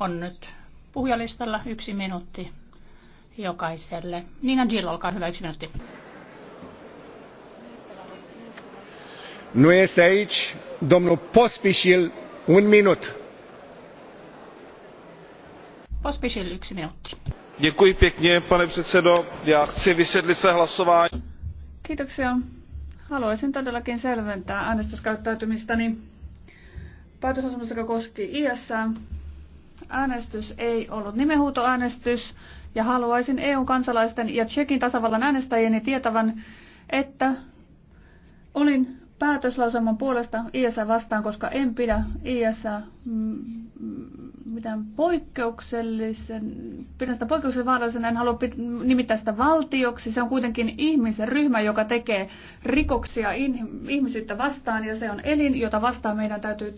on nyt puhujalistalla yksi minuutti jokaiselle. Nina Gill, olkaa hyvä, yksi minuutti. Nu este aici domnul Pospisil, un minut. Pospisil, yksi minuutti. Děkuji pěkně, pane předsedo. Já chci vysvětlit své hlasování. Kiitoksia. Haluaisin todellakin selventää äänestyskäyttäytymistäni. Päätösasemus, joka koski ISää, Äänestys ei ollut nimenhuutoäänestys ja haluaisin EU-kansalaisten ja Tsekin tasavallan äänestäjieni tietävän, että olin päätöslauselman puolesta ISA vastaan, koska en pidä ISA mm, mitään poikkeuksellisen, pidän sitä poikkeuksellisen vaarallisena, en halua nimittää sitä valtioksi. Se on kuitenkin ihmisen ryhmä, joka tekee rikoksia ihmisyyttä vastaan ja se on elin, jota vastaan meidän täytyy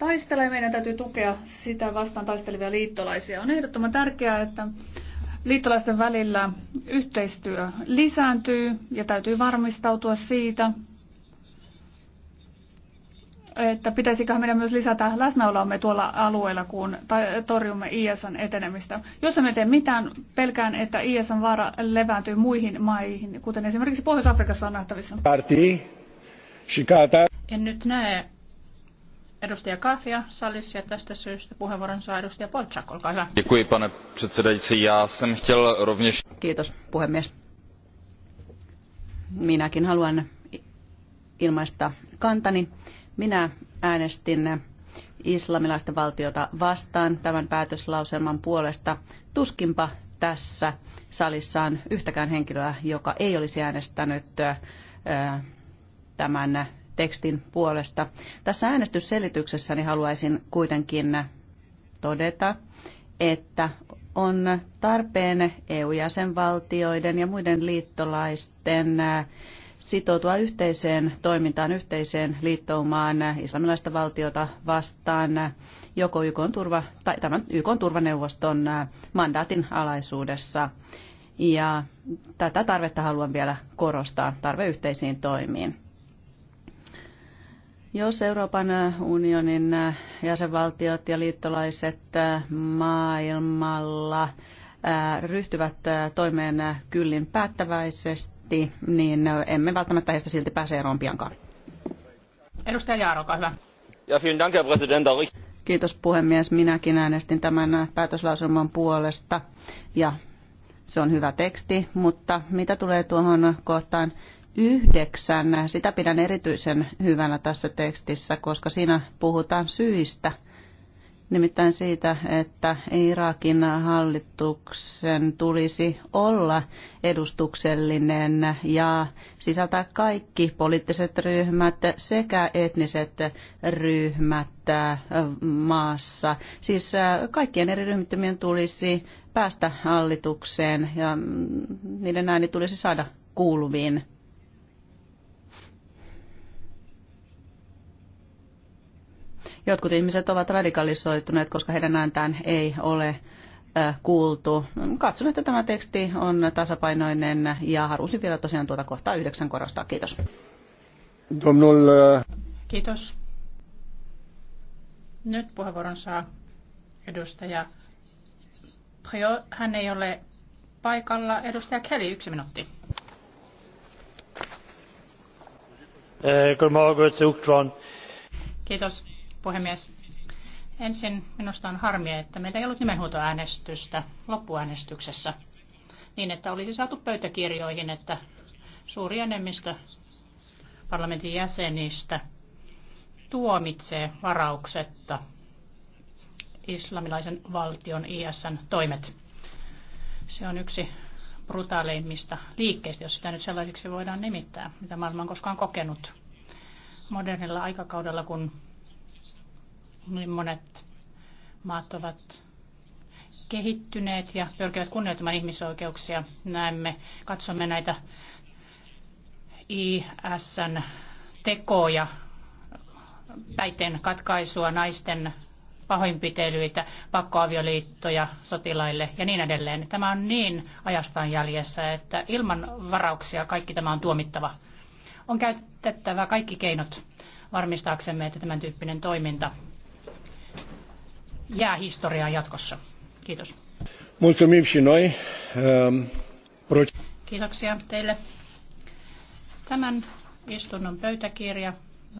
taistelee. Meidän täytyy tukea sitä vastaan taistelevia liittolaisia. On ehdottoman tärkeää, että liittolaisten välillä yhteistyö lisääntyy ja täytyy varmistautua siitä, että pitäisiköhän meidän myös lisätä läsnäoloamme tuolla alueella, kun torjumme ISN etenemistä. Jos emme tee mitään, pelkään, että ISN vaara levääntyy muihin maihin, kuten esimerkiksi Pohjois-Afrikassa on nähtävissä. En nyt näe edustaja Kasia salissa ja tästä syystä puheenvuoron saa edustaja Polchak, olkaa hyvä. Děkuji, pane předsedající. Já jsem chtěl rovněž... Kiitos, puhemies. Minäkin haluan ilmaista kantani. Minä äänestin islamilaista valtiota vastaan tämän päätöslauselman puolesta. Tuskinpa tässä salissa on yhtäkään henkilöä, joka ei olisi äänestänyt tämän tekstin puolesta. Tässä äänestysselityksessäni haluaisin kuitenkin todeta, että on tarpeen EU-jäsenvaltioiden ja muiden liittolaisten sitoutua yhteiseen toimintaan, yhteiseen liittoumaan islamilaista valtiota vastaan joko YK turva, tai tämän YK turvaneuvoston mandaatin alaisuudessa. Ja tätä tarvetta haluan vielä korostaa, tarve yhteisiin toimiin. Jos Euroopan äh, unionin äh, jäsenvaltiot ja liittolaiset äh, maailmalla ryhtyvät toimeen kyllin päättäväisesti, niin emme välttämättä heistä silti pääse eroon piankaan. Edustaja Jaaro, olkaa hyvä. Ja, vielen dank, Herr Präsident. Kiitos puhemies. Minäkin äänestin tämän päätöslauselman puolesta ja se on hyvä teksti, mutta mitä tulee tuohon kohtaan yhdeksän. Sitä pidän erityisen hyvänä tässä tekstissä, koska siinä puhutaan syistä. Nimittäin siitä, että Irakin hallituksen tulisi olla edustuksellinen ja sisältää kaikki poliittiset ryhmät sekä etniset ryhmät äh, maassa. Siis äh, kaikkien eri ryhmittymien tulisi päästä hallitukseen ja mm, niiden ääni tulisi saada kuuluviin Jotkut ihmiset ovat radikalisoituneet, koska heidän ääntään ei ole kuultu. Katson, että tämä teksti on tasapainoinen ja halusin vielä tosiaan tuota kohtaa yhdeksän korostaa. Kiitos. Domnul... Kiitos. Nyt puheenvuoron saa edustaja Prio. Hän ei ole paikalla. Edustaja Kelly, yksi minuutti. Eh, Kiitos puhemies. Ensin minusta on harmia, että meillä ei ollut nimenhuutoäänestystä loppuäänestyksessä niin, että olisi saatu pöytäkirjoihin, että suuri enemmistö parlamentin jäsenistä tuomitsee varauksetta islamilaisen valtion ISN toimet. Se on yksi brutaaleimmista liikkeistä, jos sitä nyt sellaisiksi voidaan nimittää, mitä maailma on koskaan kokenut modernilla aikakaudella, kun niin monet maat ovat kehittyneet ja pyrkivät kunnioittamaan ihmisoikeuksia. Näemme, katsomme näitä ISN tekoja, päiten katkaisua, naisten pahoinpitelyitä, pakkoavioliittoja sotilaille ja niin edelleen. Tämä on niin ajastaan jäljessä, että ilman varauksia kaikki tämä on tuomittava. On käytettävä kaikki keinot varmistaaksemme, että tämän tyyppinen toiminta jää historiaan jatkossa. Kiitos. Ehm, Kiitoksia teille. Tämän istunnon pöytäkirja